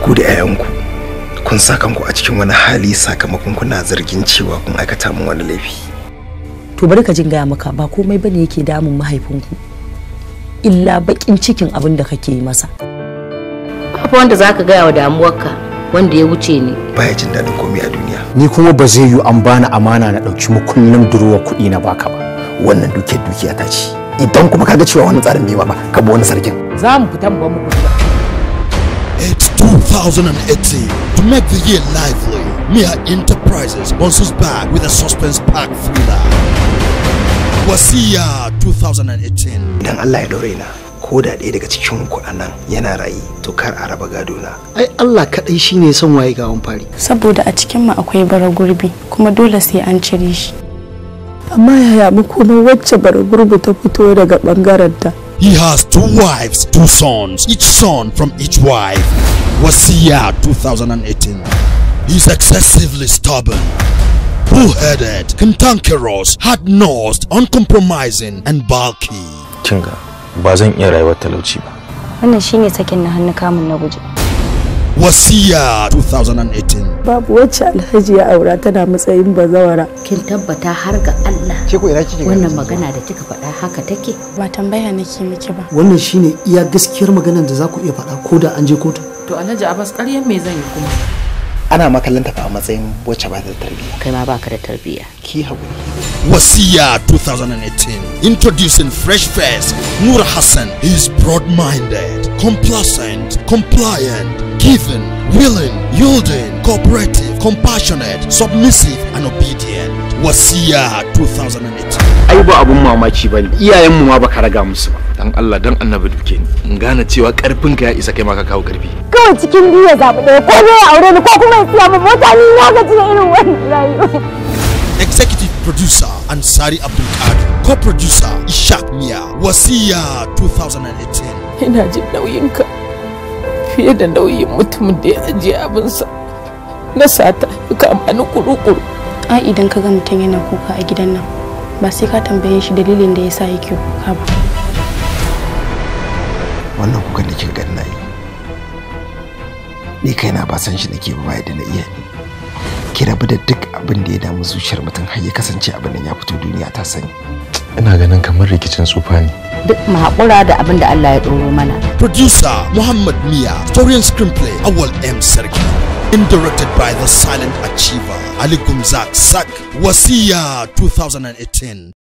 ku da 'ya'yanku kun sa kanku a cikin wani hali sakamakon kuna zargin cewa kun aikata min wani laifi to bari ka jin gaya maka ba komai bane yake damun mahaifinku illa bakin cikin abin da kake yi masa akwai wanda zaka gaya wa damuwarka wanda ya wuce ni baya jin daɗin komai a duniya ni kuma ba zai yi an bani amana na ɗauki kullum durowa kuɗi na baka ba wannan duke dukiya ta ce idan kuma kaga cewa wani tsarin bai ba ka bi wani sarkin za mu fita mu ba 2018 to make the year lively. Mia Enterprises sponsors back with a suspense pack thriller. Wasiya 2018. Dan Allah ya dore na. ko da ɗaya daga cikin kuɗanan yana rayu to kar a raba gado na. ai Allah kaɗai shine son waye gawan fari saboda a cikin mu akwai bara gurbi kuma dole sai an cire shi amma yaya mu kuma wacce bara gurbi ta fito daga ɓangaren ta he has two wives two sons each son from each wife Wasiya 2018. He's excessively stubborn, bullheaded, cantankerous, hard-nosed, uncompromising, and bulky. Kinga, ba zan iya rayuwar talauci ba. Wannan shine sakin na hannu kamun na guje. Wasiya 2018. Babu wacce Alhaji ya aura tana matsayin bazawara. Kin tabbata har ga Allah. Ke ko ina kike Wannan magana da kika faɗa haka take? Ba tambaya nake miki ba. Wannan shine iya gaskiyar maganar da za ku iya faɗa ko da an je kotu. to alhaji abbas ƙaryan me zan yi kuma ana makalanta fa a matsayin wacce ba da tarbiyya kai ma baka da tarbiyya ki haƙuri wasiya 2018 introducing fresh face nur hassan is broad-minded complacent compliant giving willing yielding cooperative compassionate submissive and obedient wasiya 2018 ai ba abun mamaki bane iyayenmu ma baka raga musu ba dan Allah dan annabi duke ni in gane cewa karfin ka ya isa kai ma ka kawo karfi kawai cikin biyu ya zabi ɗaya ko ne aure ni ko kuma ya siya min mota ni na gaji da irin wannan rayuwa executive producer ansari abdul kadir co-producer ishaq miya wasiya 2018 ina jin nauyin ka fiye da nauyin mutumin da ya ajiye abinsa na sata ka amfani kuru-kuru a idan ka ga mutum yana kuka a gidan nan ba sai ka tambaye shi dalilin da ya sa yake kuka ba wannan kukan da kin gani yi ni kaina ba san shi nake ba yadda na iya ki rabu da duk abin da ya damu zuciyar mutum har ya kasance abin nan ya fito duniya ta sani ina ganin kamar rikicin tsufa ne duk mahaƙura da abin da Allah ya ɗoro mana producer Muhammad Mia Torian screenplay Awal M Sarki and directed by the silent achiever Ali Gumzak Sak Wasiya 2018